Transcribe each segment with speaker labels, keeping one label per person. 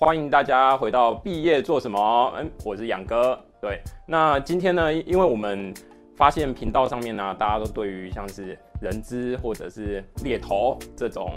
Speaker 1: 歡迎大家回到畢業做什麼，哦，嗯，我是養哥。對，那今天呢，因為我們發現頻道上面呢，啊，大家都對於像是人資或者是獵頭這種。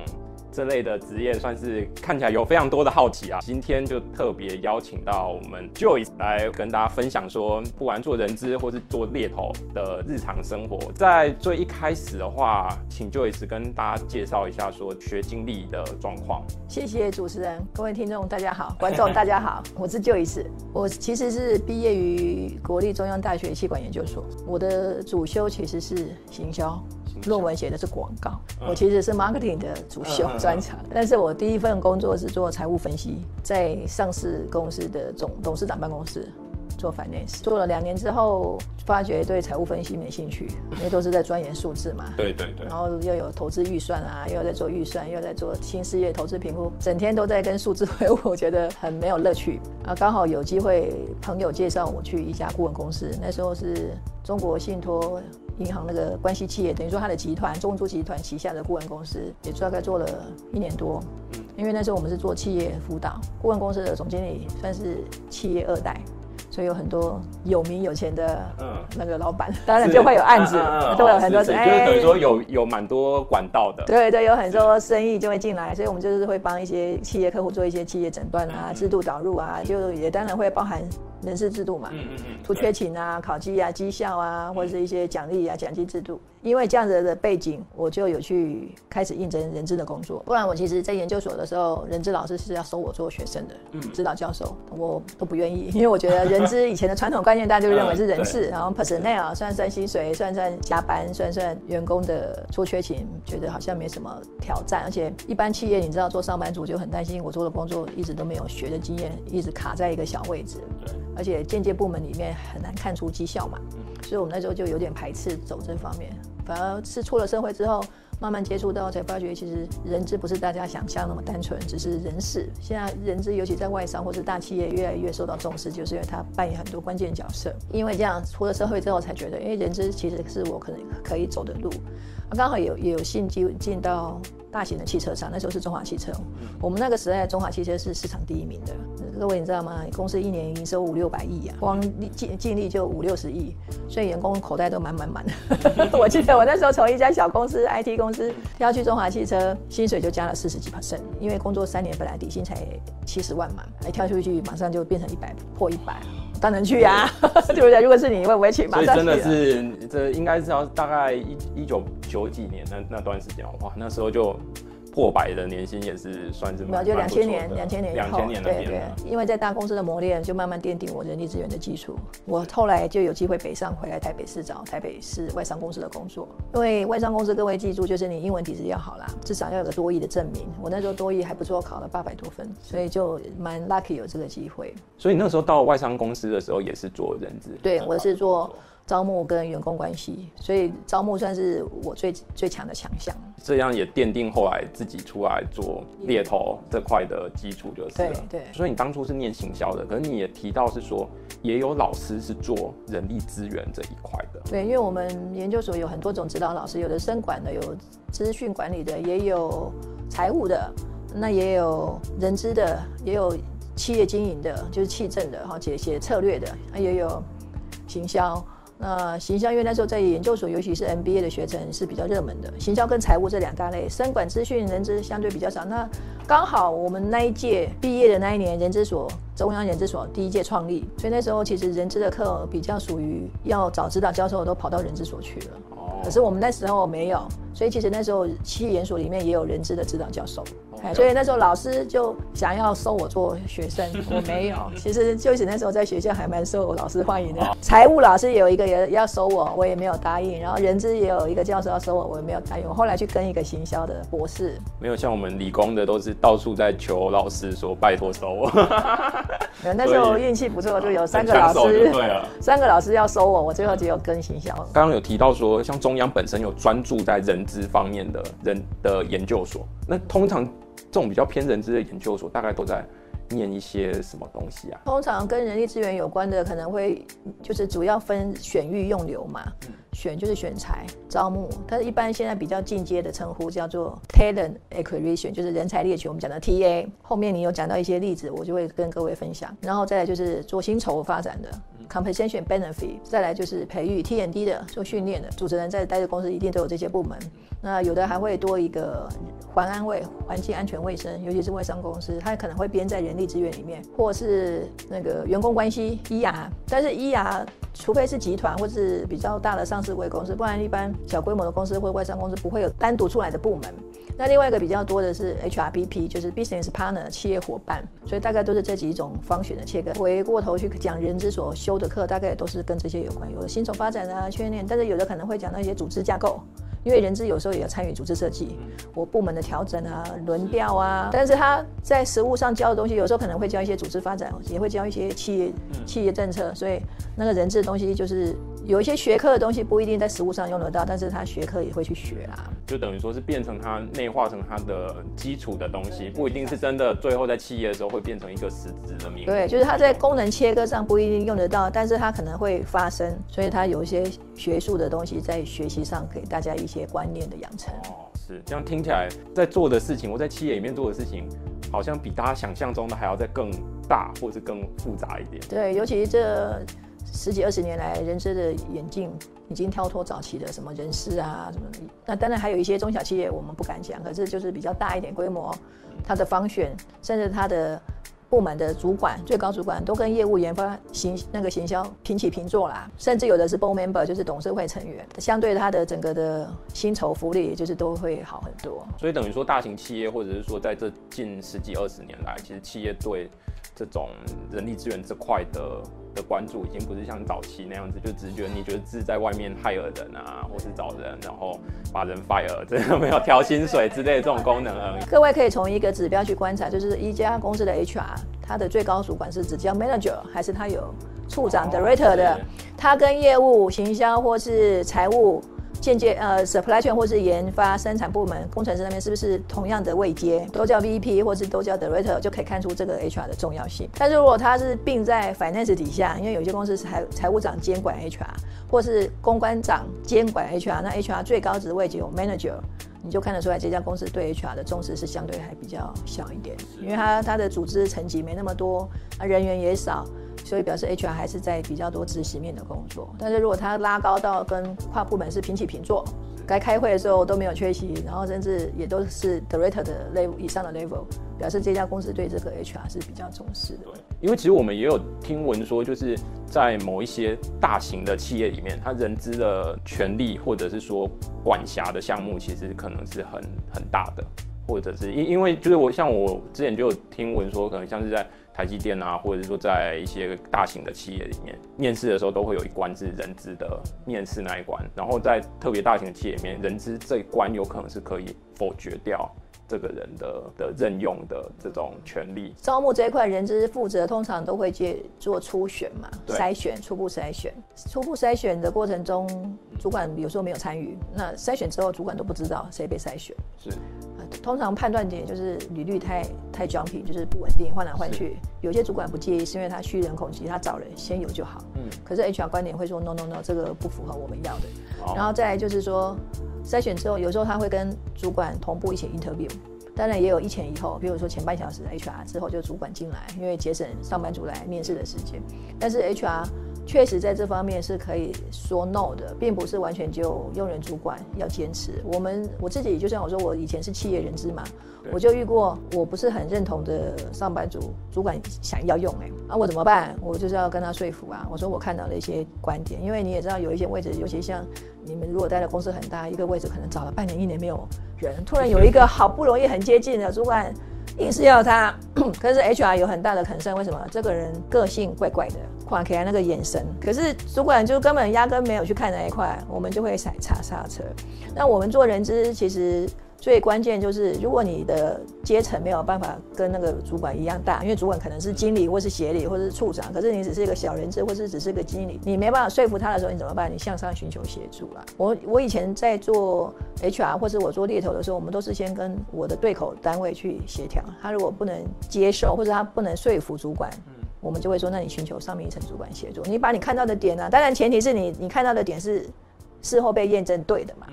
Speaker 1: 這類的職業算是看起來有非常多的好奇啊！今天就特別邀請到我們 Joyce 來跟大家分享說，不管做人資或是做獵頭的日常生活。在最一開始的話，請 Joyce 跟大家介紹一下說學經歷的狀況。
Speaker 2: 謝謝主持人，各位聽眾大家好，觀眾大家好，我是 Joyce，我其實是畢業於國立中央大學企管研究所，我的主修其實是行銷。論文寫的是廣告、嗯，我其實是 marketing 的主修專長，但是我第一份工作是做財務分析，在上市公司的總董事長辦公室做 finance，做了兩年之後，發覺對財務分析沒興趣，因為都是在鑽研數字嘛，對對對，然後又有投資預算啊，又在做預算，又在做新事業投資評估，整天都在跟數字為伍，我覺得很沒有樂趣啊，剛好有機會朋友介紹我去一家顧問公司，那時候是中國信托。銀行那個關係企業，等於說他的集團，中租集團旗下的顧問公司，也大概做了一年多。因為那時候我們是做企業輔導，顧問公司的總經理算是企業二代，所以有很多有名有錢的那個老闆，嗯，當然就會有案子，啊啊啊都會有很多。是是，就是等於說有
Speaker 1: 有蠻多管道的。對對，有很
Speaker 2: 多生意就會進來，所以我們就是會幫一些企業客戶做一些企業診斷啊、制度導入啊，就也當然會包含。人事制度嘛，嗯嗯嗯，出缺勤啊，考績啊，績效啊，或者是一些獎勵啊，獎金制度。因為這樣子的背景，我就有去開始應徵人資的工作，嗯。不然我其實，在研究所的時候，人資老師是要收我做學生的，嗯、指導教授，我都不願意，因為我覺得人資以前的傳統觀念， 大家就認為是人事，然後 Personnel 啊，算算薪水，算算加班，算算員工的出缺勤，覺得好像沒什麼挑戰。而且一般企業，你知道，做上班族就很擔心，我做的工作一直都沒有學的經驗，一直卡在一個小位置。對。而且間接部門裡面很難看出績效嘛，所以我們那時候就有點排斥走這方面。反而是出了社會之後，慢慢接觸到才發覺，其實人資不是大家想象那麼單純，只是人事。現在人資尤其在外商或是大企業越來越受到重視，就是因為它扮演很多關鍵角色。因為這樣出了社會之後，才覺得，哎，人資其實是我可能可以走的路。剛好也有有幸進進到大型的汽車廠，那時候是中華汽車，我們那個時代的中華汽車是市場第一名的。各位，你知道嗎？公司一年營收五六百億啊，光淨淨利就五六十億，所以員工口袋都滿滿滿的。 我記得我那時候從一家小公司 IT 公司跳去中華汽車，薪水就加了四十幾 percent，因為工作三年本來底薪才七十萬嘛，哎跳出去馬上就變成一百破一百，當然去呀、啊，對不對？ 如果是你，你會不會請馬上去？所以？真
Speaker 1: 的是這應該知道大概一一九九幾年那那段時間哇，那時候就。破百的年薪也是算是沒多，就兩千年，兩千年以後，年啊、對對，因為
Speaker 2: 在大公司的磨練，就慢慢奠定我人力資源的基礎。我後來就有機會北上回來台北市找台北市外商公司的工作。因為外商公司各位記住，就是你英文底子要好啦，至少要有個多益的證明。我那時候多益還不錯，考了八百多分，所以就蠻 lucky 有這個機會。所
Speaker 1: 以那時候到外商公司的時候也是做人
Speaker 2: 資，對，我是做，招募跟員工關係，所以招募算是我最最強的強項。
Speaker 1: 這樣也奠定後來自己出來做獵頭這塊的基礎，就是了。對對。所以你當初是念行銷的，可是你也提到是說，也有老師是做人力資源這一塊
Speaker 2: 的。對，因為我們研究所有很多種指導老師，有的生管的，有資訊管理的，也有財務的，那也有人資的，也有企業經營的，就是企政的哈，寫寫策略的，也有行銷。呃，行銷因為那時候在研究所，尤其是 MBA 的學生是比較熱門的，行銷跟財務這兩大類，生管、資訊、人資相對比較少。那剛好我們那一屆畢業的那一年，人資所中央人資所第一屆創立，所以那時候其實人資的課比較屬於要找指導教授都跑到人資所去了。可是我們那時候沒有，所以其實那時候企業研所裡面也有人資的指導教授。Oh、所以那時候老師就想要收我做學生， 我沒有。其實就是那時候在學校還蠻受老師歡迎的。財、oh. 務老師也有一個要收我，我也沒有答應。然後人資也有一個教授要收我，我也沒有答應。我後來去跟一個行銷的博士。
Speaker 1: 沒有像我們理工的，都是到處在求老師說拜託收
Speaker 2: 我。 那時候運氣不錯，就有三個老師對，三個老師要收我，我最後只有跟行銷了。
Speaker 1: 剛、嗯、剛有提到說，像中央本身有專注在人資方面的人的研究所，那通常。這種比較偏人資的研究所，大概都在念一些什麼東西啊？
Speaker 2: 通常跟人力資源有關的，可能會就是主要分選育用流嘛。選就是選才、招募，但是一般現在比較進階的稱呼叫做 talent acquisition，就是人才獵取，我們講的 TA。後面你有講到一些例子，我就會跟各位分享。然後再來就是做薪酬發展的。compensation benefit，再來就是培育 T and D 的做訓練的，主持人在待的公司一定都有這些部門。那有的還會多一個環安衛、環境安全衛生，尤其是外商公司，它可能會編在人力資源裡面，或是那個員工關係、ER 但是 ER。除非是集團或者是比較大的上市公司，不然一般小規模的公司或外商公司不會有單獨出來的部門。那另外一個比較多的是 HRBP，就是 Business Partner 企業夥伴，所以大概都是這幾種方選的切割。回過頭去講人之所修的課，大概也都是跟這些有關，有的新手發展啊、訓練，但是有的可能會講到一些組織架構。因為人資有時候也要參與組織設計，我部門的調整啊、輪調啊，但是他在實務上教的東西，有時候可能會教一些組織發展，也會教一些企業、企業政策，所以那個人資的東西就是。有一些學科的東西不一定在實務上用得到，但是他學科也會去學啊。
Speaker 1: 就等於說是變成它內化成它的基礎的東西，對對對對，不一定是真的。最後在企業的時候會變成一個實質的名。對，
Speaker 2: 就是它在功能切割上不一定用得到，但是它可能會發生，所以它有一些學術的東西在學習上給大家一些觀念的養成。哦，
Speaker 1: 是這樣，聽起來，在做的事情，或在企業裡面做的事情，好像比大家想象中的還要再更大或是更複雜一點。
Speaker 2: 對，尤其這。十幾二十年來，人資的演進已經跳脫早期的什麼人事啊什麼的。那當然還有一些中小企業，我們不敢講，可是就是比較大一點規模，它的方選甚至它的部門的主管、最高主管都跟業務研發、行那個行銷平起平坐啦，甚至有的是 board member，就是董事會成員，相對它的整個的薪酬福利就是都會好很多。
Speaker 1: 所以等於說，大型企業或者是說在這近十幾二十年來，其實企業對這種人力資源這塊的。的關注已經不是像早期那樣子，就直覺你覺得自在外面害人啊，或是找人，然後把人 fire，真的沒有調薪水之類的這種功能而已。各
Speaker 2: 位可以從一個指標去觀察，就是一家公司的 HR，他的最高主管是只叫 manager，還是他有處長、oh, director 的？他跟業務、行銷或是財務。間接呃，supply chain 或是研發生產部門工程師那邊是不是同樣的位階，都叫 VP 或是都叫 Director，就可以看出這個 HR 的重要性。但是如果他是併在 Finance 底下，因為有些公司是財財務長監管 HR，或是公關長監管 HR，那 HR 最高職位只有 Manager，你就看得出來這家公司對 HR 的重視是相對還比較小一點，因為他他的組織層級沒那麼多，人員也少。所以表示 HR 還是在比較多執行面的工作，但是如果他拉高到跟跨部門是平起平坐，該開會的時候都沒有缺席，然後甚至也都是 director 的 level 以上的 level，表示這家公司對這個 HR 是比較重視的。對，
Speaker 1: 因為其實我們也有聽聞說，就是在某一些大型的企業裡面，他人資的權利或者是說管轄的項目，其實可能是很很大的，或者是因因為就是我像我之前就有聽聞說，可能像是在台積電啊，或者是說在一些大型的企業裡面，面試的時候都會有一關是人資的面試那一關，然後在特別大型的企業裡面，人資這一關有可能是可以否決掉。這個人的的任用的這種權利，
Speaker 2: 招募這一塊人資負責，通常都會去做初選嘛，對，篩選、初步篩選、初步篩選的過程中，主管有時候沒有參與。那篩選之後，主管都不知道誰被篩選。是，呃、通常判斷點就是履歷太太 jumpy 就是不穩定，換來換去。有些主管不介意，是因為他需人孔急，他找人先有就好。嗯。可是 HR 觀點會說 no no no，這個不符合我們要的。哦、然後再來就是說。篩選之後，有時候他會跟主管同步一起 interview，當然也有一前一後，比如說前半小時 HR，之後就主管進來，因為節省上班族來面試的時間，但是 HR。確實，在這方面是可以說 no 的，並不是完全就用人主管要堅持。我們我自己就像我說，我以前是企業人資嘛、嗯，我就遇過我不是很認同的上班族主管想要用哎，那、啊、我怎麼辦？我就是要跟他說服啊。我說我看到了一些觀點，因為你也知道，有一些位置，尤其像你們如果待的在公司很大，一個位置可能找了半年、一年沒有人，突然有一個好不容易很接近的主管。硬是要他，可是 HR 有很大的 concern 為什麼這個人個性怪怪的，垮開那個眼神？可是主管就根本壓根沒有去看那一塊，我們就會踩剎，剎車。那我們做人資，其實最關鍵就是，如果你的階層沒有辦法跟那個主管一樣大，因為主管可能是經理或是協理或是處長，可是你只是一個小人資，或是只是個經理，你沒辦法說服他的時候，你怎麼辦？你向上尋求協助了。我我以前在做。H R 或者我做獵頭的時候，我們都是先跟我的對口單位去協調，他如果不能接受，或者他不能說服主管，我們就會說，那你尋求上面一層主管協助。你把你看到的點呢、啊，當然前提是你你看到的點是事後被驗證對的嘛。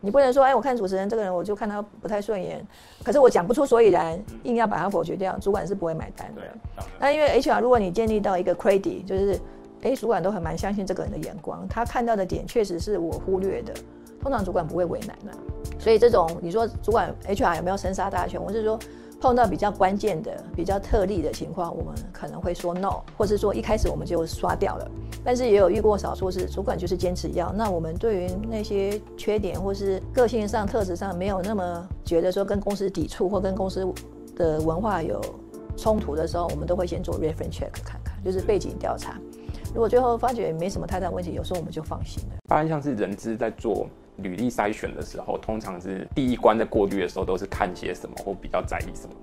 Speaker 2: 你不能說，哎、欸，我看主持人這個人，我就看他不太順眼，可是我講不出所以然，硬要把他否決掉，主管是不會買單的。對。那因為 H R 如果你建立到一個 credit 就是誒、欸，主管都很蠻相信這個人的眼光，他看到的點確實是我忽略的。通常主管不會為難的，啊，所以這種你說主管 HR 有沒有生殺大權？我是說，碰到比較關鍵的、比較特例的情況，我們可能會說 no，或是說一開始我們就刷掉了。但是也有遇過少數是主管就是堅持要，那我們對於那些缺點或是個性上、特質上沒有那麼覺得說跟公司抵觸或跟公司的文化有衝突的時候，我們都會先做 reference check 看看，就是背景調查。如果最後發覺沒什麼太大問題，有時候我們就放心了。
Speaker 1: 當、啊、然，像是人資在做。履歷篩選的時候，通常是第一關的過濾的時候，都是看些什麼，或比較在意什麼？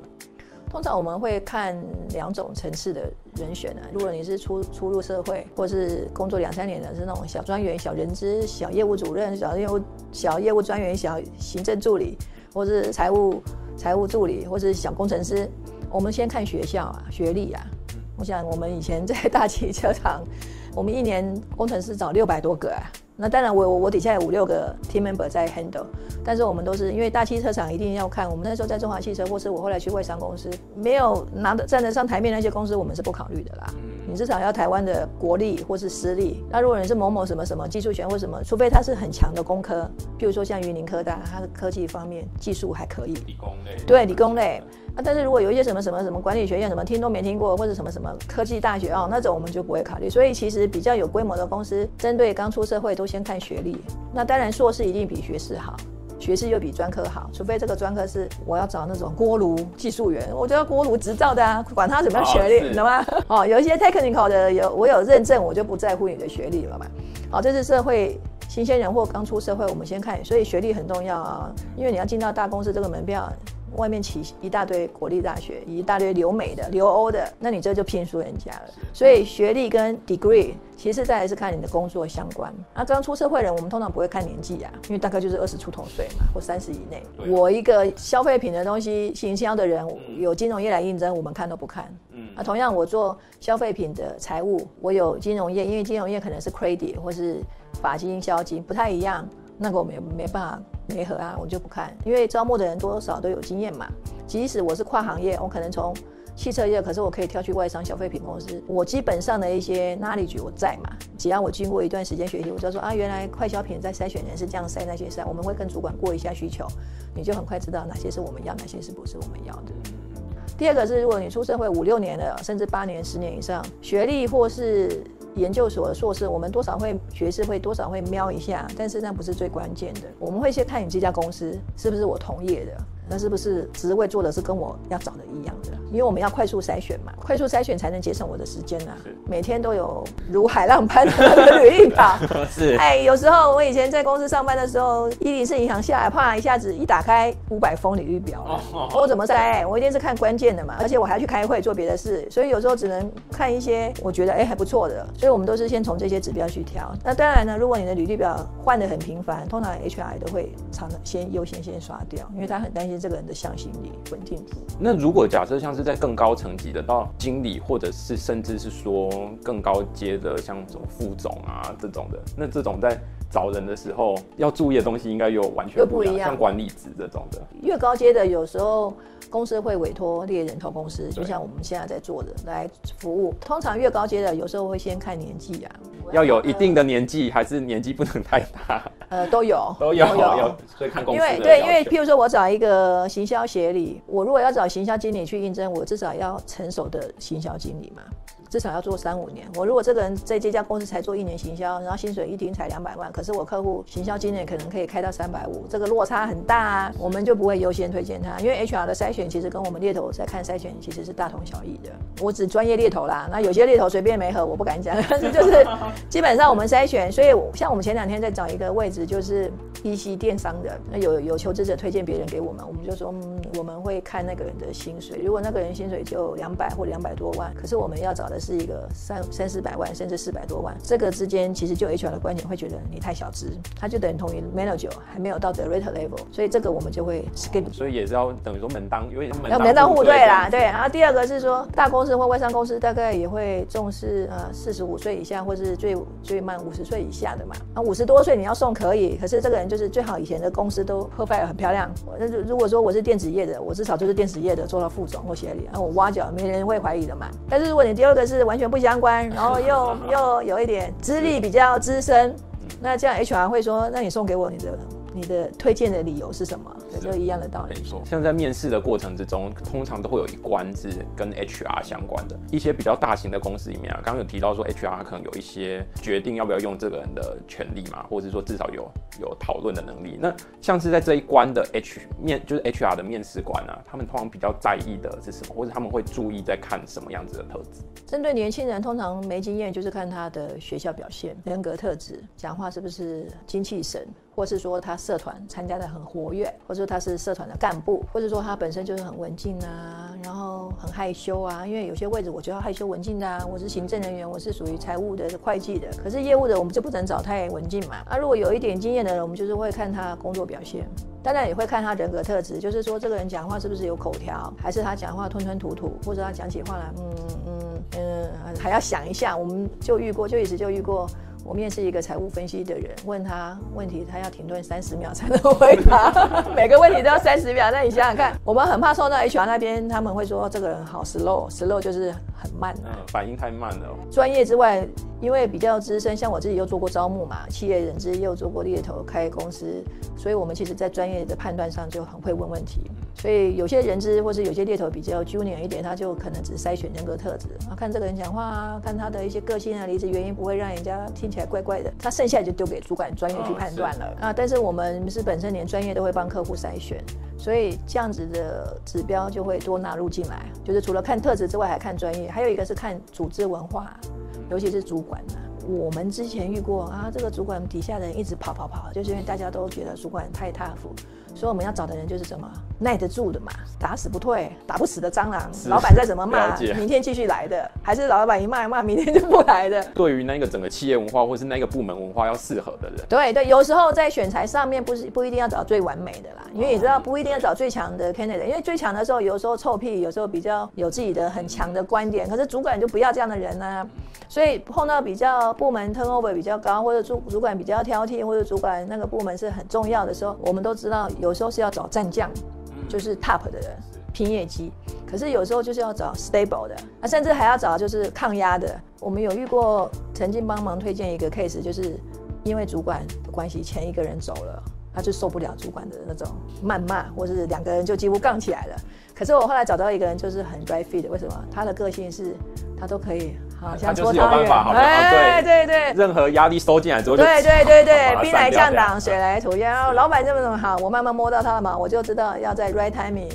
Speaker 2: 通常我們會看兩種層次的人選啊。如果你是初初入社會，或是工作兩三年的，是那種小專員、小人資、小業務主任、小業務小業務專員、小行政助理，或是財務財務助理，或是小工程師，我們先看學校啊，學歷啊。嗯。我想我們以前在大汽車廠，我們一年工程師找六百多個啊。那當然我，我我我底下有五六個 team member 在 handle，但是我們都是因為大汽車廠一定要看。我們那時候在中華汽車，或是我後來去外商公司，沒有拿得站得上檯面那些公司，我們是不考慮的啦。你至少要台灣的國立或是私立。那如果你是某某什麼什麼技術權或什麼，除非他是很強的工科，譬如說像雲林科大，它的科技方面技術還可以。理工類。對，理工類。啊、但是，如果有一些什麼什麼什麼管理學院，什麼聽都沒聽過，或者什麼什麼科技大學哦，那種我們就不會考慮。所以，其實比較有規模的公司，針對剛出社會都先看學歷。那當然，碩士一定比學士好，學士又比專科好，除非這個專科是我要找那種鍋爐技術員，我就要鍋爐執照的啊，管他怎麼樣學歷，oh, 懂嗎？哦，有一些 technical 的有我有認證，我就不在乎你的學歷了嘛。好、哦，這是社會新鮮人或剛出社會，我們先看，所以學歷很重要啊，因為你要進到大公司，這個門票。外面起一大堆國立大學，一大堆留美的、留歐的，那你這就聘書人家了。所以學歷跟 degree，其實再來是看你的工作相關。那、啊、剛出社會人，我們通常不會看年紀啊，因為大概就是二十出頭歲嘛，或三十以內。我一個消費品的東西行銷的人，有金融業來應徵，我們看都不看。那、嗯啊、同樣，我做消費品的財務，我有金融業，因為金融業可能是 credit 或是法金、銷金，不太一樣，那個我們沒，沒辦法。沒合啊，我就不看，因為招募的人多少都有經驗嘛。即使我是跨行業，我可能從汽車業，可是我可以跳去外商消費品公司。我基本上的一些 knowledge 我在嘛，只要我經過一段時間學習，我就說啊，原來快消品在篩選人是這樣篩、那些篩，我們會跟主管過一下需求，你就很快知道哪些是我們要，哪些是不是我們要的。第二個是，如果你出社會五六年了，甚至八年、十年以上，學歷或是。研究所的碩士，我們多少會學識，學士會多少會瞄一下，但是那不是最關鍵的。我們會去看你這家公司是不是我同業的，那是不是職位做的是跟我要找的一樣的？因為我們要快速篩選嘛，快速篩選才能節省我的時間啊。是。每天都有如海浪般的履歷表。 是。哎，有時候我以前在公司上班的時候，104銀行下來，啪一下子一打開五百封履歷表，我、哦哦、怎麼篩、哎？我一定是看關鍵的嘛，而且我還要去開會做別的事，所以有時候只能看一些我覺得哎還不錯的。所以我們都是先從這些指標去挑。那當然呢，如果你的履歷表換的很頻繁，通常 HR 都會常常先優先先刷掉，因為他很擔心這個人的向心力穩定。
Speaker 1: 那如果假設像是。在更高層級的，到經理，或者是甚至是說更高階的，像什麼副總啊，這種的，那這種在。找人的時候要注意的東西應該又完全不一樣，一樣像管理職這種的，
Speaker 2: 越高階的有時候公司會委托獵人頭公司，就像我們現在在做的來服務。通常越高階的有時候會先看年紀啊，要有一定
Speaker 1: 的年紀，呃，還是年紀不能太大？
Speaker 2: 呃，都有，都，要都有有，所以看公司。因為對，因為譬如說我找一個行銷協理，我如果要找行銷經理去應徵，我至少要成熟的行銷經理嘛。至少要做三五年。我如果這個人在這家公司才做一年行銷，然後薪水一聽才兩百萬，可是我客戶行銷經理可能可以開到三百五，這個落差很大啊，我們就不會優先推薦他。因為 HR 的篩選其實跟我們獵頭在看篩選其實是大同小異的。我只專業獵頭啦，那有些獵頭隨便沒合，我不敢講，但是就是基本上我們篩選。所以像我們前兩天在找一個位置，就是 PC 電商的，那有有求職者推薦別人給我們，我們就說、嗯、我們會看那個人的薪水。如果那個人薪水就兩百或兩百多萬，可是我們要找的是。是一個三三四百萬甚至四百多萬，這個之間其實就 H R 的觀點會覺得你太小資，他就等同於 m a n a g e 九還沒有到 d i r e c t e level，所以這個我們就會
Speaker 1: skip、哦。所以也是要等於說門當，有門當戶對啦，對。然
Speaker 2: 後第二個是說大公司或外商公司大概也會重視呃四十五歲以下或是最最慢五十歲以下的嘛。那五十多歲你要送可以，可是這個人就是最好以前的公司都破敗 o 很漂亮。那如果說我是電子業的，我至少就是電子業的做到副總或協理、啊，那我挖角沒人會懷疑的嘛。但是如果你第二個。是完全不相關，然後又又有一點資歷比較資深，那這樣 HR 會說：“那你送給我你的。”你的推薦的理由是什麼？有、啊、一樣的道理。沒錯，
Speaker 1: 像在面試的過程之中，通常都會有一關是跟 H R 相關的一些比較大型的公司裡面啊，剛剛有提到說 H R 可能有一些決定要不要用這個人的權利嘛，或者說至少有有討論的能力。那像是在這一關的 H 面，就是 H R 的面試官啊，他們通常比較在意的是什麼？或者他們會注意在看什麼樣子的特質？
Speaker 2: 針對年輕人，通常沒經驗，就是看他的學校表現、人格特質、講話是不是精氣神。或是說他社團參加得很活躍，或者說他是社團的幹部，或者說他本身就是很文靜啊，然後很害羞啊。因為有些位置我覺得害羞文靜的，啊。我是行政人員，我是屬於財務的會計的，可是業務的我們就不能找太文靜嘛。那、啊、如果有一點經驗的人，我們就是會看他工作表現，當然也會看他人格特質，就是說這個人講話是不是有口條，還是他講話吞吞吐吐，或者他講起話來嗯嗯嗯還要想一下。我們就遇過，就一直就遇過。我面試一個財務分析的人，問他問題，他要停頓三十秒才能回答， 每個問題都要三十秒。那你想想看， 我們很怕受到 HR 那邊，他們會說這個人好 slow，slow slow 就是。很慢，啊，嗯，
Speaker 1: 反應太慢了。
Speaker 2: 專業之外，因為比較資深，像我自己又做過招募嘛，企業人資又做過獵頭開公司，所以我們其實在專業的判斷上就很會問問題。所以有些人資或是有些獵頭比較 junior 一點，他就可能只篩選人格特質啊，看這個人講話，看他的一些個性啊，離職原因不會讓人家聽起來怪怪的，他剩下就丟給主管專業去判斷了，哦，啊。但是我們是本身連專業都會幫客戶篩選。所以這樣子的指標就會多納入進來，就是除了看特質之外，還看專業，還有一個是看組織文化，尤其是主管。我們之前遇過啊，這個主管底下的人一直跑跑跑，就是因為大家都覺得主管太 tough。所以我們要找的人就是什麼？耐得住的嘛，打死不退、打不死的蟑螂。老闆再怎麼罵，明天繼續來的；還是老老闆一罵一罵，明天就不來的。
Speaker 1: 對於那個整個企業文化，或是那個部門文化要適合的
Speaker 2: 人。對對，有時候在選材上面不是不一定要找最完美的啦，因為你知道不一定要找最強的 candidate，oh, 因為最強的時候有時候臭屁，有時候比較有自己的很強的觀點。可是主管就不要這樣的人啦、啊。所以碰到比較部門 turnover 比較高，或者主主管比較挑剔，或者主管那個部門是很重要的時候，我們都知道。有時候是要找戰將，就是 top 的人拼業績，可是有時候就是要找 stable 的，啊，甚至還要找就是抗壓的。我們有遇過，曾經幫忙推薦一個 case，就是因為主管的關係，前一個人走了，他就受不了主管的那種謾罵，或是兩個人就幾乎槓起來了。可是我後來找到一個人，就是很 dry fit，為什麼？他的個性是，他都可以。好像，他就是有辦法好像，好、欸啊、對，對對對，任
Speaker 1: 何壓力收進來之後就，對對對、啊、對，對，對掉掉，兵來將擋、啊，
Speaker 2: 水來土掩。老板這麼這麼好，我慢慢摸到他的嘛，我就知道要在 right timing，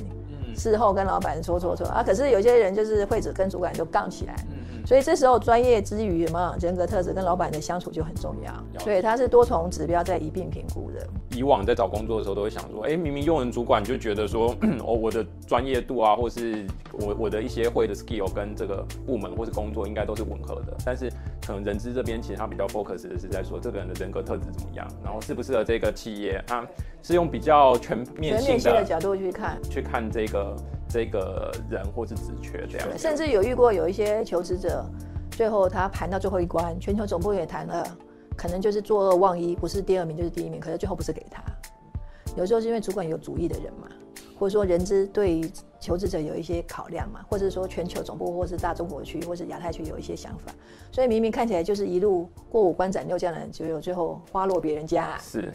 Speaker 2: 事後跟老板說說說啊。可是有些人就是，會只跟主管就槓起來。嗯。所以這時候，專業之餘嘛，人格特質跟老板的相處就很重要。所以他是多重指標在一並評估的。
Speaker 1: 以往在找工作的時候，都會想說，哎、欸，明明用人主管你就覺得說，哦，我的專業度啊，或是我我的一些會的 skill 跟這個部門或是工作應該都是吻合的。但是可能人資這邊其實他比較 focus 的是在說這個人的人格特質怎麼樣，然後適不適合這個企業。他是用比較全面性的，全面性的角度去看，去看這個。這個人或是職缺這樣的，甚至
Speaker 2: 有遇過有一些求職者，最後他盤到最後一關，全球總部也談了，可能就是坐二望一，不是第二名就是第一名，可是最後不是給他。有時候是因為主管有主意的人嘛，或者說人資對求職者有一些考量嘛，或者說全球總部或是大中國區或是亞太區有一些想法，所以明明看起來就是一路過五關斬六將的人，就有最後花落別人家、啊。
Speaker 1: 是。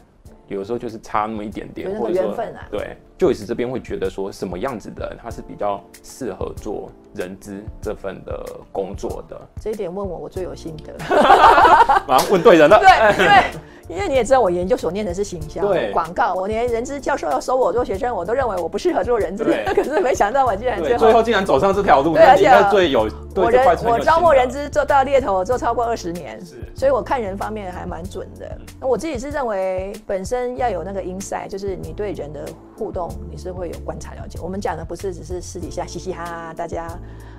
Speaker 1: 有時候就是差那麼一點點，緣分啊、或者說，對，就 Joyce 這邊會覺得說，什麼樣子的人，他是比較適合做？人資這份的工作的
Speaker 2: 這一點問我，我最有心得。
Speaker 1: 馬上問對人了 對。對，因
Speaker 2: 為因為你也知道，我研究所念的是形象、廣告，我連人資教授要收我，我做學生，我都認為我不適合做人資。可是沒想到我竟然最，最後
Speaker 1: 竟然走上這條路對對，而且最有我人我招募人
Speaker 2: 資做到獵頭，做超過二十年，是，所以我看人方面還蠻準的。那我自己是認為本身要有那個 insight 就是你對人的。互動你是會有觀察了解，我們講的不是只是私底下嘻嘻哈哈，大家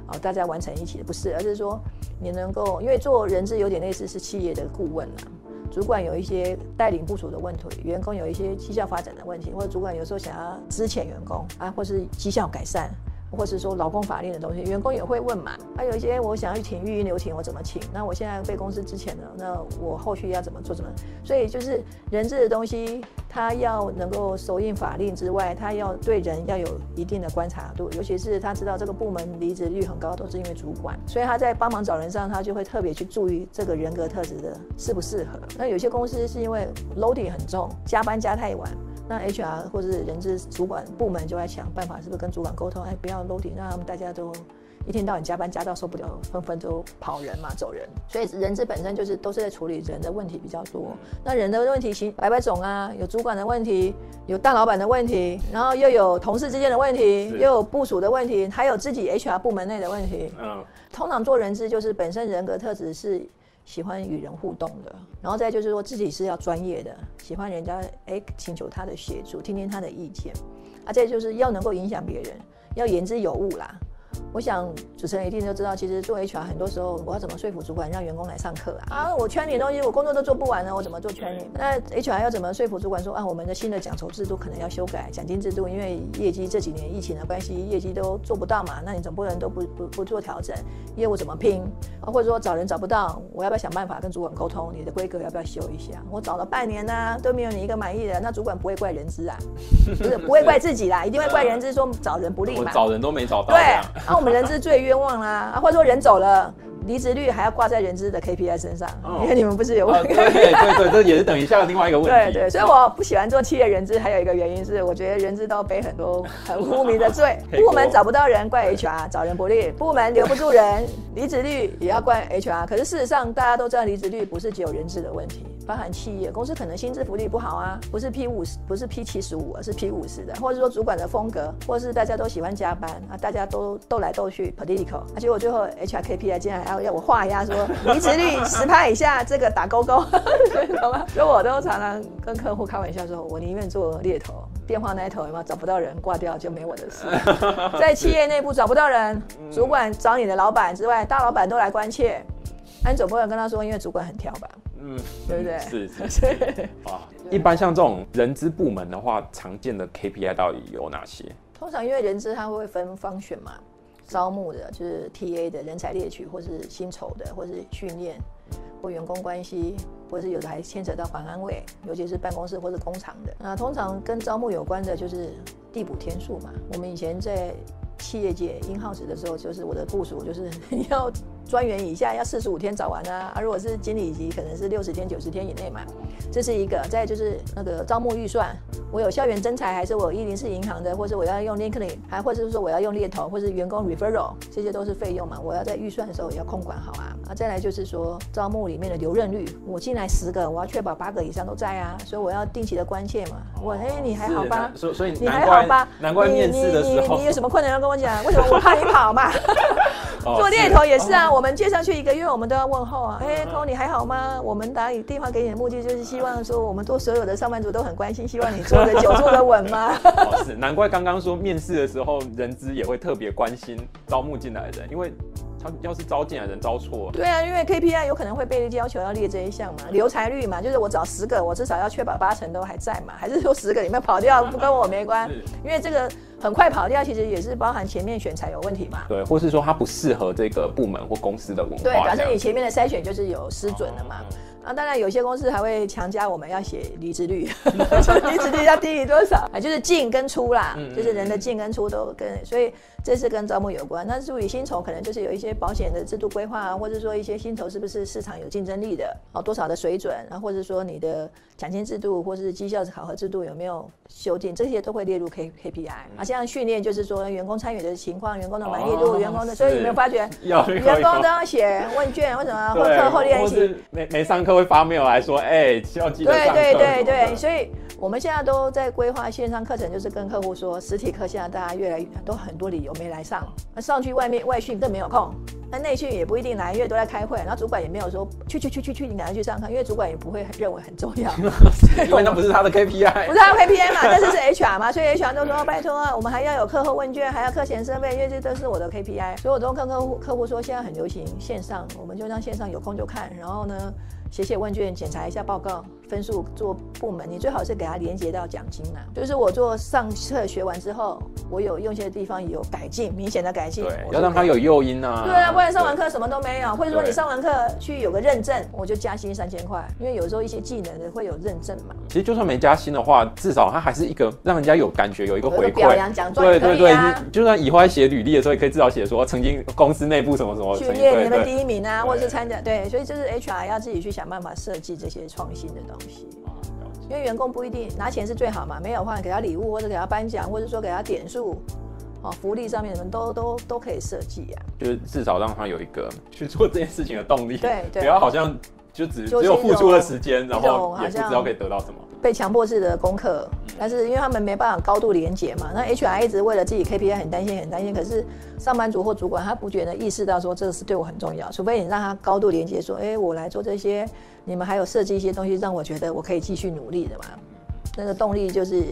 Speaker 2: 哦，大家完成一起的不是，而是說你能夠，因為做人資有點類似是企業的顧問了、啊，主管有一些帶領部屬的問題，員工有一些績效發展的問題，或者主管有時候想要資遣員工啊，或是績效改善。或者說，勞工法令的東西，員工也會問嘛。啊，有一些，我想要去請育嬰留停，我怎麼請？那我現在被公司資遣了，那我後續要怎麼做？怎麼？所以就是人資的東西，他要能夠熟應法令之外，他要對人要有一定的觀察度，尤其是他知道這個部門離職率很高，都是因為主管，所以他在幫忙找人上，他就會特別去注意這個人格特質的適不適合。那有些公司是因為 loading 很重，加班加太晚。那 HR 或者是人資主管部門就在想辦法，是不是跟主管溝通？哎，不要 loading，讓他們大家都一天到晚加班加到受不了，紛紛都跑人嘛，走人。所以人資本身就是都是在處理人的問題比較多。那人的問題，其實百百種啊，有主管的問題，有大老闆的問題，然後又有同事之間的問題，又有部署的問題，還有自己 HR 部門內的問題。嗯、uh -oh.，通常做人資就是本身人格特質是。喜歡與人互動的，然後再就是說自己是要專業的，喜歡人家哎請求他的協助，聽聽他的意見，啊。再就是要能夠影響別人，要言之有物啦。我想主持人一定都知道，其實做 HR 很多時候，我要怎麼說服主管讓員工來上課啊？啊，我圈你東西，我工作都做不完呢，我怎麼做圈你？那 HR 要怎麼說服主管說啊，我們的新的獎酬制度可能要修改，獎金制度，因為業績這幾年疫情的關係，業績都做不到嘛，那你總不能都不不不做調整，業務怎麼拼，啊？或者說找人找不到，我要不要想辦法跟主管溝通，你的規格要不要修一下？我找了半年呢，啊，都沒有你一個滿意的，那主管不會怪人資啊， 不是不會怪自己啦，一定會怪人資說找人不利嘛，我找人
Speaker 1: 都沒找到，對。
Speaker 2: 啊，我們人資最冤枉啦，啊！啊，或者說人走了，離職率還要掛在人資的 K P I 身上，oh. 因為你們不是有問題？問、oh. uh,？對對對，這
Speaker 1: 也是等於下了另外一個問題。 對對，
Speaker 2: 所以我不喜歡做企業人資，還有一個原因是我覺得人資都要背很多很污名的罪， 部門找不到人怪 H R， 找人不力，部門留不住人，離 職率也要怪 H R。可是事實上，大家都知道離職率不是只有人資的問題。包含企業公司可能薪資福利不好啊，不是 P 五十，不是 P 七十五，而是 P 五十的，或者說主管的風格，或者是大家都喜歡加班啊，大家都鬥來鬥去 political，、啊、結果最後 HRKP 來、啊、竟然還要要我畫押說離職率十趴以下這個打勾勾，所 以我都常常跟客戶開玩笑說，我寧願做獵頭，電話那一頭有沒有找不到人掛掉就沒我的事，在企業內部找不到人，主管找你的老板之外，大老板都來關切，安總朋友跟他說，因為主管很挑吧。
Speaker 1: 嗯，對不對？是是是,是、 啊、一般像這種人資部門的話，常見的 KPI 到底有哪些？
Speaker 2: 通常因為人資他會分方選嘛，招募的，就是 TA 的人才獵取，或是薪酬的，或是訓練，或員工關係，或是有的還牽扯到環安衛，尤其是辦公室或是工廠的。那通常跟招募有關的就是遞補天數嘛。我們以前在企業界、in-house 的時候，就是我的部屬就是要。專員以下要四十五天找完啊，啊如果是經理級可能是六十天、九十天以內嘛，這是一個。再就是那個招募預算，我有校園徵才還是我有104銀行的，或是我要用 LinkedIn 還或者是說我要用獵頭，或者員工 referral，這些都是費用嘛，我要在預算的時候也要控管好啊。啊，再來就是說招募裡面的留任率，我進來十個，我要確保八個以上都在啊，所以我要定期的關切嘛。我哎、欸哦，你還好吧？
Speaker 1: 所所以你還好吧？難怪面試的時候你你你，你有
Speaker 2: 什麼困難要跟我講？為什麼我怕你跑嘛？做、哦、獵 頭也是啊。哦我我們接上去一個月，因為我們都要問候啊。哎 k o 你還好嗎？嗯、我們打電話給你的目的就是希望說，我們做所有的上班族都很關心，希望你做得久做得穩嗎、 哦，是，
Speaker 1: 難怪剛剛說面試的時候，人資也會特別關心招募進來的人，因為。要是招進來人招錯，對
Speaker 2: 啊，因為 K P I 有可能會被要求要列這一項嘛，留、嗯、才率嘛，就是我找十個，我至少要確保八成都還在嘛，還是說十個裡面跑掉不跟我沒關？因為這個很快跑掉，其實也是包含前面選材有問題嘛。
Speaker 1: 對，或是說它不適合這個部門或公司的文化。對，假設你
Speaker 2: 前面的篩選就是有失準了嘛嗯嗯嗯。啊，當然有些公司還會強加我們要寫離職率，離 職率要低於多少？還、 啊、就是進跟出啦嗯嗯嗯，就是人的進跟出都跟所以。這是跟招募有關，那至於薪酬，可能就是有一些保險的制度規劃啊，或者說一些薪酬是不是市場有競爭力的啊、哦，多少的水準，啊、或者說你的獎金制度或者是績效考核制度有沒有修訂，這些都會列入 K、KPI、嗯。啊，像訓練就是說員工參與的情況，員工的滿意度、哦，員工的，所以有沒有發覺？有，有，有，員工都要寫問卷，為什麼？ 後課後練習沒
Speaker 1: 沒上課會發 email 來說，哎、欸，需要記得。對對對對，對，
Speaker 2: 所以。我們現在都在規劃線上課程，就是跟客戶說，實體課現在大家越來越都很多理由沒來上，那上去外面外訓更沒有空，那內訓也不一定來，因為都在開會，然後主管也沒有說去去去去去，你趕快去上課，因為主管也不會認為很重要， 因
Speaker 1: 為那不是他的 K P I。 不是他 K P I 嘛，但是是 H R
Speaker 2: 嘛， 所以 H R 都說拜托啊，我們還要有課後問卷，還要課前設備，因為這都是我的 K P I，所以我都跟客戶客戶說，現在很流行線上，我們就讓線上，有空就看，然後呢。寫寫問卷，檢查一下報告分數，做部門，你最好是給他連接到獎金吶、啊，就是我做上課學完之後，我有用些地方有改進，明顯的改進。對，要讓他
Speaker 1: 有誘因啊。對啊，不
Speaker 2: 然上完課什麼都沒有。或者說你上完課去有個認證，我就加薪三千塊。因為有時候一些技能的會有認證嘛。
Speaker 1: 其實就算沒加薪的話，至少他還是一個讓人家有感覺，有一個回饋。表揚獎狀。對對對對，啊、你就算以後寫履歷的時候，也可以至少寫說曾經公司內部
Speaker 2: 什麼什麼。去念你們第一名啊，或者是參加對，所以就是 HR 要自己去想。辦法設計這些創新的東西，啊、因為員工不一定拿錢是最好嘛，沒有的話給他禮物或者給他頒獎，或者說給他點數，哦，福利上面什麼都都都可以設計啊，就是
Speaker 1: 至少讓他有一個去做這件事情的動力，對，不要好像就只只有付出了時間，就是，然後也不知道可以得到什麼。
Speaker 2: 被強迫式的功課，但是因為他們沒辦法高度連接嘛，那 H R 一直為了自己 K P I 很擔心很擔心，可是上班族或主管他不覺得意識到說這是對我很重要，除非你讓他高度連接，說、欸、哎我來做這些，你們還有設計一些東西讓我覺得我可以繼續努力的嘛，那個動力就是。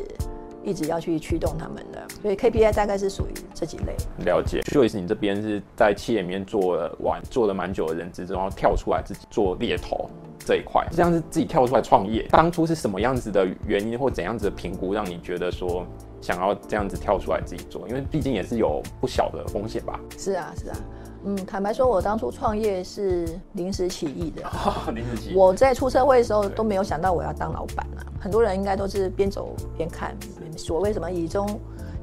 Speaker 2: 一直要去驅動他們的，所以 KPI 大概是屬於這幾類。
Speaker 1: 了解，就是你這邊是在企業裡面做了蠻做了蠻久的人資之後，要跳出來自己做獵頭這一塊，這樣子自己跳出來創業，當初是什麼樣子的原因或怎樣子的評估，讓你覺得說想要這樣子跳出來自己做？因為畢竟也是有不小的風險吧？
Speaker 2: 是啊，是啊。嗯，坦白說，我當初創業是臨時起意的，oh, 臨時起義。我在出社會的時候都沒有想到我要當老闆啊。很多人應該都是邊走邊看，所謂什麼以終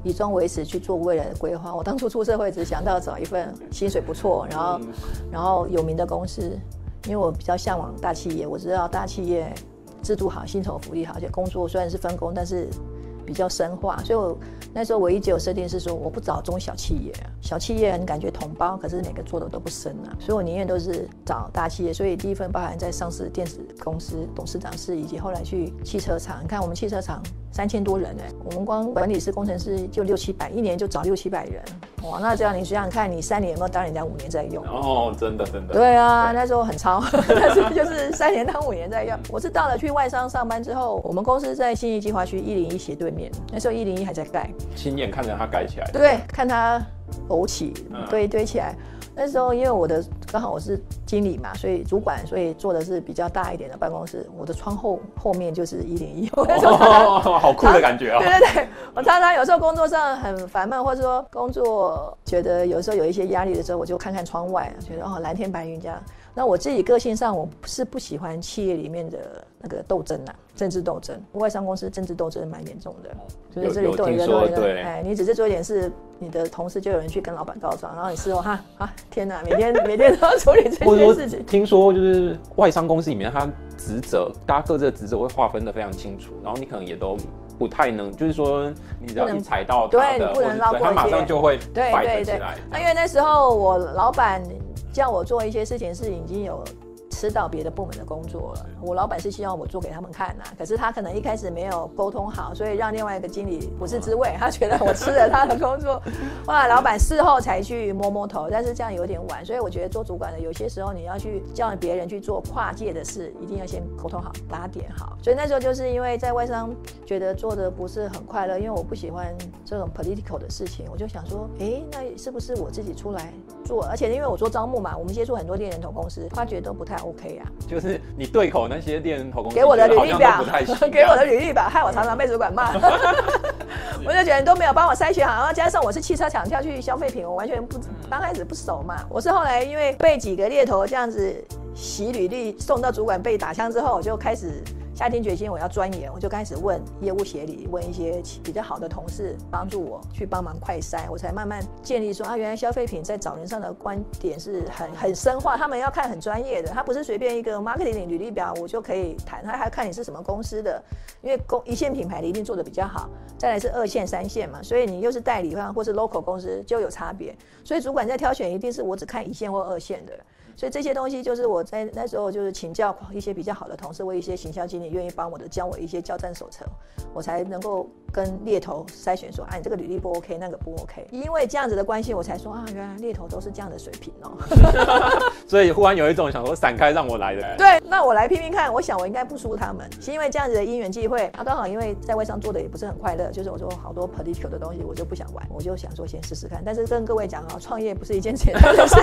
Speaker 2: 以終為始去做未來的規劃。我當初出社會只想到找一份薪水不錯，然後然後有名的公司，因為我比較向往大企業。我知道大企業制度好，薪酬福利好，而且工作雖然是分工，但是。比較深化，所以我那時候我一直有設定是說，我不找中小企業。小企業很感覺同胞，可是每個做的都不深啊，所以我寧願都是找大企業。所以第一份包含在上市電子公司董事長室，以及後來去汽車廠。你看我們汽車廠三千多人哎，欸，我們光管理師、工程師就六七百，一年就找六七百人哇。那這樣你想想看，你三年有沒有當人家五年在用？哦，真的真的。對啊，對那時候很操，那時候就是三年當五年在用。我是到了去外商上班之後，我們公司在信義計劃區一零一斜對。那時候一零一還在蓋，
Speaker 1: 親眼看着它蓋起來，對，
Speaker 2: 對看它拱起堆、嗯、堆起來。那時候因為我的剛好我是經理嘛，所以主管，所以坐的是比較大一點的辦公室。我的窗後後面就是一零一，
Speaker 1: 好酷的感覺啊！對
Speaker 2: 對對，我常常有時候工作上很煩悶，或者說工作覺得有時候有一些壓力的時候，我就看看窗外，覺得哦，藍天白雲這樣。那我自己個性上，我是不喜歡企業裡面的那個鬥爭吶、啊，政治鬥爭。外商公司政治鬥爭蠻嚴重的，就是這裡做一個有人，哎，你只是做一點事，你的同事就有人去跟老闆告狀，然後你事後哈啊，天哪、啊，每天每天都要處理這些事情。 我說
Speaker 1: 聽說就是外商公司裡面他，他職責大家各自的職責會劃分的非常清楚，然後你可能也都不太能，就是說你只要你踩到他的不能對你不能繞過對，他馬上就會對對對，對，
Speaker 2: 對。那因為那時候我老闆。叫我做一些事情是已經有吃到別的部門的工作了。我老闆是希望我做給他們看吶、啊，可是他可能一開始沒有溝通好，所以讓另外一個經理不是滋味。他覺得我吃了他的工作，哇！老闆事後才去摸摸頭，但是這樣有點晚。所以我覺得做主管的有些時候你要去叫別人去做跨界的事，一定要先溝通好，打點好。所以那時候就是因為在外商覺得做的不是很快樂，因為我不喜歡這種 political 的事情，我就想說，誒，那是不是我自己出來？做，而且因為我做招募嘛，我們接觸很多獵人頭公司，發覺都不太 OK 啊。
Speaker 1: 就是你對口那些獵人頭公司、啊、給我的履歷表，給我的履
Speaker 2: 歷表，害我常常被主管罵。 我就覺得你都沒有幫我篩選好，然後加上我是汽車廠跳去消費品，我完全不剛開始不熟嘛。我是後來因為被幾個獵頭這樣子洗履歷送到主管被打槍之後，我就開始。下定決心，我要鑽研，我就開始問業務協理，問一些比較好的同事，幫助我去幫忙快篩，我才慢慢建立說啊，原來消費品在找人上的觀點是很很深化，他們要看很專業的，他不是隨便一個 marketing 履歷表我就可以談，他還要看你是什麼公司的，因為公一線品牌的一定做得比較好，再來是二線、三線嘛，所以你又是代理方或是 local 公司就有差別，所以主管在挑選一定是我只看一線或二線的。所以這些東西就是我在那時候，就是請教一些比較好的同事，為一些行銷經理願意幫我的，教我一些教戰手冊，我才能夠。跟獵頭篩選說，哎、啊，你這個履歷不 OK，那個不 OK。因為這樣子的關係，我才說啊，原來獵頭都是這樣的水平哦、喔。
Speaker 1: 所以忽然有一種想說閃開讓我來的、欸。對，
Speaker 2: 那我來拼拼看，我想我應該不輸他們，是因為這樣子的因緣際會。他、啊、剛好因為在外商做的也不是很快樂，就是我說好多 political 的東西，我就不想玩，我就想說先試試看。但是跟各位講啊、喔，創業不是一件簡單的事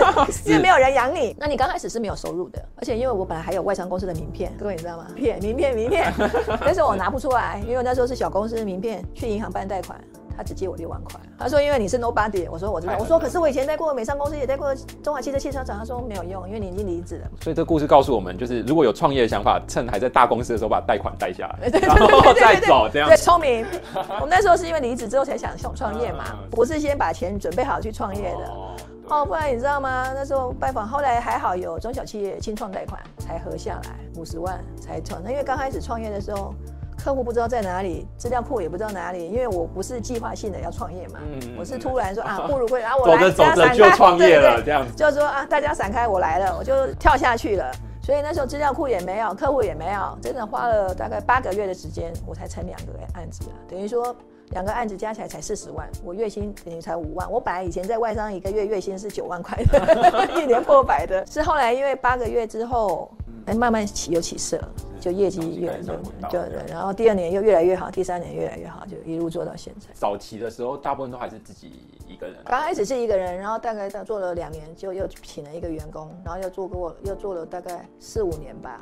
Speaker 2: 是，因為沒有人養你，那你剛開始是沒有收入的，而且因為我本來還有外商公司的名片，各位你知道嗎？片名片名片，名片名片 但是我拿不出來，因為我那時候是小公司的名片。去銀行辦貸款，他只借我六萬塊。他說因為你是 nobody，我說我知道。我說可是我以前在過美商公司，也在過中華汽車汽車廠。他說沒有用，因為你已經離職了。
Speaker 1: 所以這故事告訴我們，就是如果有創業的想法，趁還在大公司的時候把貸款貸下來，
Speaker 2: 然後 再走這樣。對，聰明。 我們那時候是因為離職之後才想創業嘛、啊，我是先把錢準備好去創業的哦。哦，不然你知道嗎？那時候拜訪，後來還好有中小企業青創貸款才合下來五十萬才成。那因為剛開始創業的時候，客戶不知道在哪裡，資料庫也不知道哪裡，因為我不是計劃性的要創業嘛、嗯，我是突然說啊，不如會然後、啊、我來，走着走着就創業了對對對，這樣子，就是說啊，大家閃開，我來了，我就跳下去了。所以那時候資料庫也沒有，客戶也沒有，真的花了大概八個月的時間，我才成兩個案子，等於說兩個案子加起來才四十萬，我月薪等於才五萬。我本來以前在外商一個月月薪是九萬塊的， 一年破百的，是後來因為八個月之後。慢慢起有起色，就業績越來越對，對，對，然後第二年又越來越好，第三年越來越好，就一路做到現在。早
Speaker 1: 期的時候，大部分都還是自己一個人。剛
Speaker 2: 開始是一個人，然後大概做做了兩年，就又請了一個員工，然後又做過又做了大概四五年吧，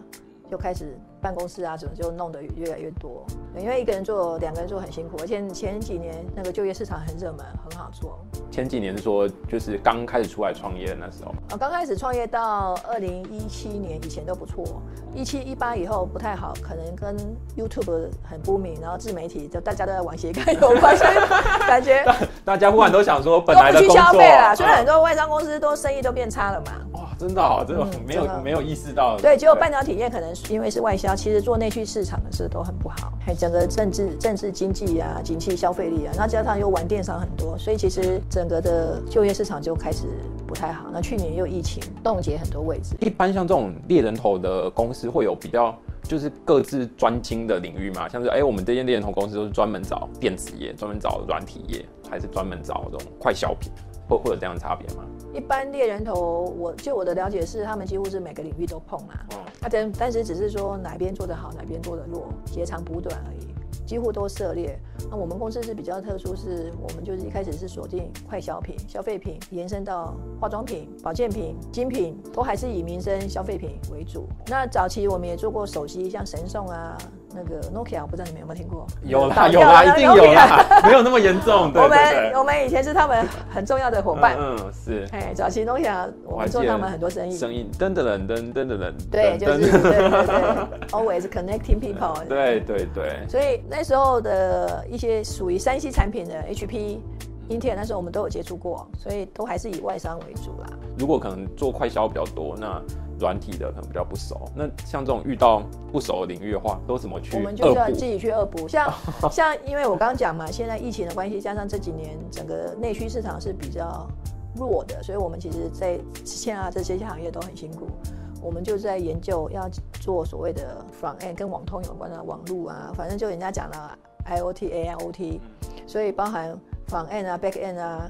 Speaker 2: 就開始。辦公室啊，怎麼就弄得越來越多？因為一個人做，兩個人做很辛苦，而且前幾年那個就業市場很熱門，很好做。
Speaker 1: 前幾年是說，就是剛開始出來創業的那時
Speaker 2: 候啊、哦，剛開始創業到二零一七年以前都不錯，一七一八以後不太好，可能跟 YouTube 很 booming，然後自媒體就大家都在往斜槓有關，所 以 感覺
Speaker 1: 大家忽然都想說本來的工作都不去消費了、嗯，所以很
Speaker 2: 多外商公司都生意都變差了嘛。哇、哦哦，
Speaker 1: 真的，嗯、真的沒有沒有意識到對。對，結果半條
Speaker 2: 體驗可能因為是外銷。然後其實做內需市場的事都很不好，整個政治、政治經濟啊、景氣消費力啊，那加上又玩電商很多，所以其實整個的就業市場就開始不太好。那去年又疫情凍結很多位置。一
Speaker 1: 般像這種獵人頭的公司會有比較就是各自專精的領域嗎？像是哎、欸，我們這間獵人頭公司都是專門找電子業，專門找軟體業，還是專門找這種快消品，或會，會有這樣的差別嗎？
Speaker 2: 一般獵人頭，我就我的了解是，他們幾乎是每個領域都碰啦。哦、oh. 啊，那但是只是說哪邊做得好，哪邊做得弱，截長補短而已，幾乎都涉獵。那我們公司是比較特殊是，是我們就是一開始是鎖定快消品、消費品，延伸到化妝品、保健品、精品，都還是以民生消費品為主。那早期我們也做過手機，像神送啊。那個 Nokia，我不知道你們有沒有聽過？有啦，啊、有啦、那個，一定有啦，沒有那
Speaker 1: 麼嚴重對對對。我們我
Speaker 2: 們以前是他們很重要的伙伴。嗯，嗯，是。哎、欸，早期 Nokia，我，我們做他們很多生意。生
Speaker 1: 意，噔噔噔噔噔噔。對，就
Speaker 2: 是對對對 always connecting people、嗯。對
Speaker 1: 對對。所以
Speaker 2: 那時候的一些屬於 3C 產品的 HP、Intel，那時候我們都有接觸過，所以都還是以外商為主啦。
Speaker 1: 如果可能做快銷比較多，那。軟體的可能比較不熟，那像這種遇到不熟的領域的話，都怎麼去？我們就要自己
Speaker 2: 去惡補。像像因為我剛剛講嘛，現在疫情的關係，加上這幾年整個內需市場是比較弱的，所以我們其實在之前啊這些行業都很辛苦，我們就在研究要做所謂的 front end 跟網通有關的、啊、網路啊，反正就人家講了 I O T A I O T，所以包含 front end 啊 back end 啊。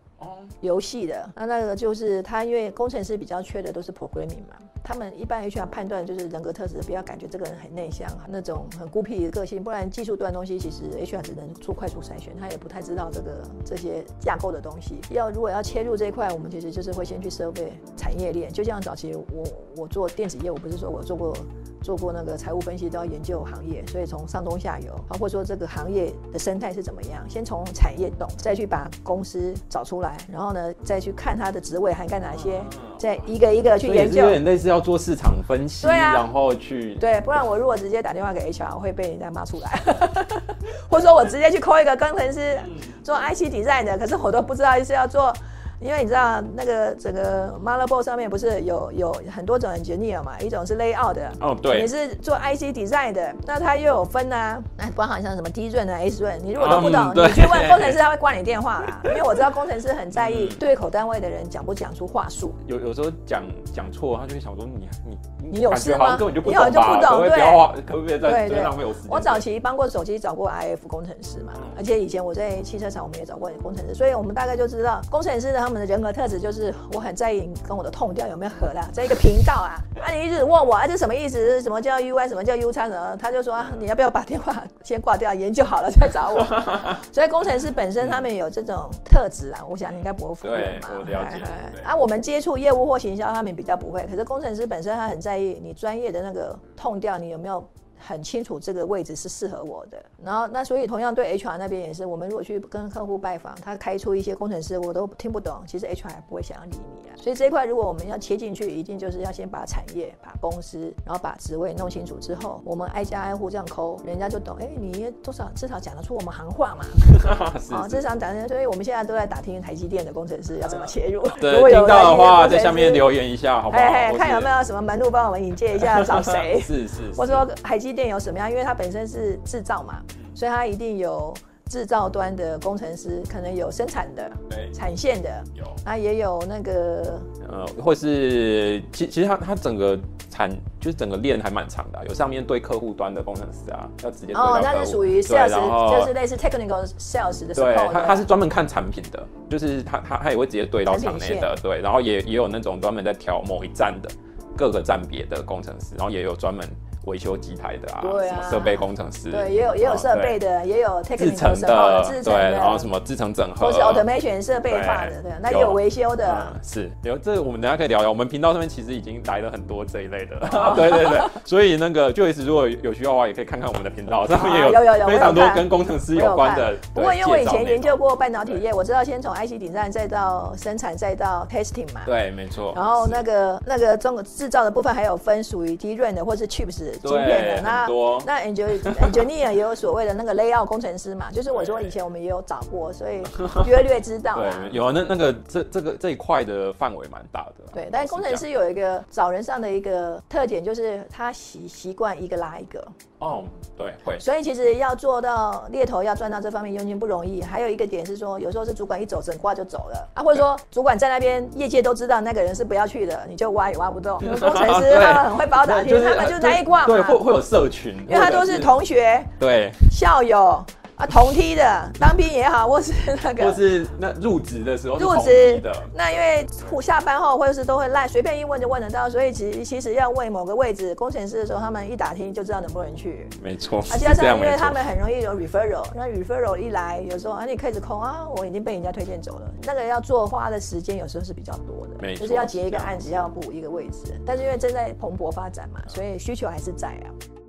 Speaker 2: 遊戲的那那個就是他，因為工程師比較缺的都是 programming 嘛，他們一般 HR 判斷就是人格特質，不要感覺這個人很內向，那種很孤僻的個性，不然技術端東西其實 HR 只能做快速篩選，他也不太知道這個這些架構的東西。要如果要切入這一塊，我們其實就是會先去設備產業鏈，就像早期我我做電子業，我不是說我做過做過那個財務分析，都要研究行業，所以從上中下游，或者說這個行業的生態是怎麼樣，先從產業懂，再去把公司找出來。然後呢，再去看他的職位還幹哪些，再一個一個去研究，是有點
Speaker 1: 類似要做市場分析，對、嗯、啊，然後去對，
Speaker 2: 不然我如果直接打電話給 HR，我會被人家罵出來， 或者說我直接去 call 一個工程師做 IC design 的，可是我都不知道就是要做。因為你知道那個整個 m a l a b e 上面不是有有很多種 engineer 嘛，一種是 layout 的，哦、oh, 對，你是做 IC design 的，那它又有分吶、啊，那、哎、剛好像什麼 D run 啊，S run，你如果都不懂、um,，你去問工程師，他會掛你電話、啊、 因為我知道工程師很在意對口單位的人講不講出話術，
Speaker 1: 有有時候講講錯，他就會想說你你你有事嗎？好根本就不懂，
Speaker 2: 你就不懂，不要不我早期幫過手機，找過 I F 工程師嘛、嗯，而且以前我在汽車廠，我們也找過工程師，所以我們大概就知道工程師呢。我們的人格特質就是我很在意你跟我的痛調有沒有合啦，在一個頻道啊。啊，你一直問我啊，這什麼意思？什麼叫 UY？什麼叫 U 參？什麼？他就說、啊、你要不要把電話先掛掉，研究好了再找我。所以工程師本身他們有這種特質啊，我想你應該不會。對，我了解。啊，我們接觸業務或行銷，他們比較不會。可是工程師本身他很在意你專業的那個痛調，你有沒有？很清楚這個位置是適合我的，然後那所以同樣對 H R 那邊也是，我們如果去跟客戶拜訪，他開出一些工程師，我都聽不懂，其實 H R 還不會想要理你啊。所以這一塊如果我們要切進去，一定就是要先把產業、把公司，然後把職位弄清楚之後，我們挨家挨戶這樣摳，人家就懂。哎、欸，你也多少至少講得出我們行話嘛， 是是，好，至少講得。所以我們現在都在打聽台積電的工程師、uh, 要怎麼切入，對聽到 如果有的話在下面留言
Speaker 1: 一下，好不好嘿嘿？看有沒有
Speaker 2: 什麼門路幫我們引薦一下找誰？ 是，是，是是，我說海基。店有什麼樣？因為它本身是制造嘛，所以它一定有制造端的工程師，可能有生產的，對，產線的有，那也有那個
Speaker 1: 呃，或是其其實它它整個產就是整個鏈還蠻長的，啊，有上面對客戶端的工程師啊，要直接哦，那是屬於 sales，就是
Speaker 2: 類似 technical sales 的時候，他他是專
Speaker 1: 門看產品的，就是他他他也會直接對到場內的，對，然後也也有那種專門在調某一站的各個站別的工程師，然後也有專門。維修機台的啊，對啊，設備工程師，對，也有、嗯、也有設備
Speaker 2: 的，也有 testing 的，的，對，然後
Speaker 1: 什麼製成整合，或是 automation
Speaker 2: 設備化的，對，對那也有維修的，有
Speaker 1: 嗯、是有這我們等下可以聊聊。我們頻道上面其實已經來了很多這一類的，啊啊、對對對。 所以那個就一直如果有需要的話，也可以看看我們的頻道，啊，上面有有有非常多跟工程師有關的有有有有有。不過因為我以前研
Speaker 2: 究過半導體業，我知道先從 IC 頂站再到生產再到 testing 嘛，
Speaker 1: 對，沒錯。
Speaker 2: 然後那個那個中國製造的部分還有分屬於 t R A N 的或是 chips。經驗的對，那多那 engineer engineer 也有所謂的那個 layout 工程師嘛，就是我說以前我們也有找過，所以約略知道啊。對，
Speaker 1: 有那那個這這個這一塊的範圍蠻大的。啊。
Speaker 2: 對，但是工程師有一個找人上的一個特點，就是他習習慣一個拉一個。哦、oh，對，會。所以其實要做到獵頭要賺到這方面佣金不容易。還有一個點是說，有時候是主管一走，整掛就走了啊，或者說、呃、主管在那邊，業界都知道那個人是不要去的，你就挖也挖不動。嗯、有工程師，他們很會包打聽、 就是，他們就那一掛。對，會會有
Speaker 1: 社群，因為他都是同學，對
Speaker 2: 校友。 啊，同梯的當兵也好，或是那個，就是
Speaker 1: 那入職的時候的，入職的
Speaker 2: 那因為下班後或者是都會賴，隨便一問就問得到，所以其實其實要問某個位置工程師的時候，他們一打聽就知道能不能去，
Speaker 1: 沒錯。而、啊、加上因為他們
Speaker 2: 很容易有 referral，那 referral 一來，有時候啊你開始空啊，我已經被人家推薦走了，那個要做花的時間有時候是比較多的，就是要結一個案子，子要補一個位置，但是因為正在蓬勃發展嘛，所以需求還是在啊。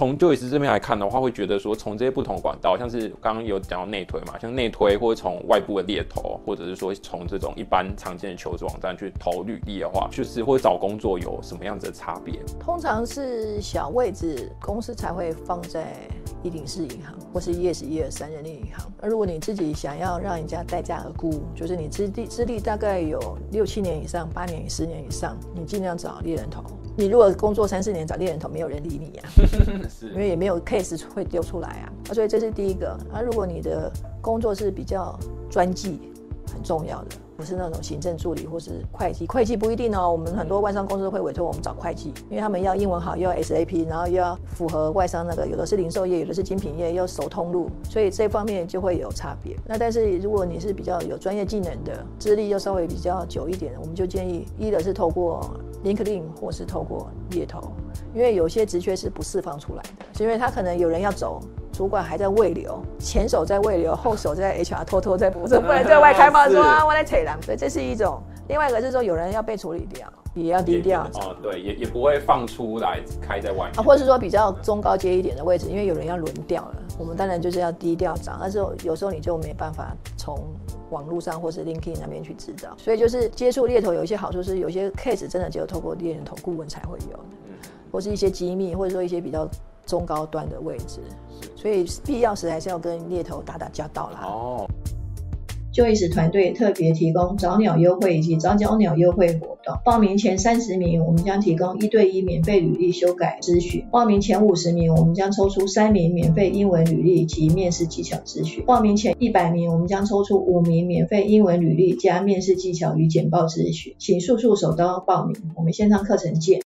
Speaker 1: 從就 o y 這邊來看的話，會覺得說，從這些不同的管道，像是剛剛有講到內推嘛，像內推，或者從外部的獵頭，或者是說從這種一般常見的求職網站去投履歷的話，就是會找工作有什麼樣子的差別？
Speaker 2: 通常是小位置公司才會放在一零市銀行或是 yes 一二三人力銀行。那如果你自己想要讓人家代價而沽，就是你資歷資歷大概有六七年以上、八年、十年以上，你盡量找獵人頭。你如果工作三四年找獵人頭，沒有人理你呀、啊， 因為也沒有 case 會丟出來啊，所以這是第一個那、啊、如果你的工作是比較專技，很重要的，不是那種行政助理或是會計，會計不一定哦。我們很多外商公司都會委託我們找會計，因為他們要英文好，又要 SAP，然後又要符合外商那個，有的是零售業，有的是精品業，又熟通路，所以這方面就會有差別。那但是如果你是比較有專業技能的，資歷又稍微比較久一點，我們就建議一的是透過。link link，或是透過獵頭，因為有些職缺是不釋放出來的，是因為他可能有人要走，主管還在慰留，前手在慰留，後手在 HR 偷偷在補，不能對外開放說啊，我來裁人，所以這是一種；另外一個就是說有人要被處理掉。也要低調哦，對，也也不
Speaker 1: 會放出來開在外面啊，或
Speaker 2: 者是說比較中高階一點的位置，因為有人要輪調了，我們當然就是要低調找。但是有時候你就沒辦法從網路上或是 LinkedIn 那邊去知道，所以就是接觸獵頭有一些好處是，有些 case 真的只有透過獵頭顧問才會有的，嗯、或是一些機密，或者說一些比較中高端的位置。所以必要時還是要跟獵頭打打交道啦。哦。Joyce 團隊特別提供早鳥優惠以及早鳥鳥優惠活動，報名前三十名我們將提供一對一免費履歷修改諮詢，報名前五十名我們將抽出三名免費英文履歷及面試技巧諮詢，報名前一百名我們將抽出五名免費英文履歷加面試技巧與簡報諮詢，請速速手刀報名，我們線上課程見。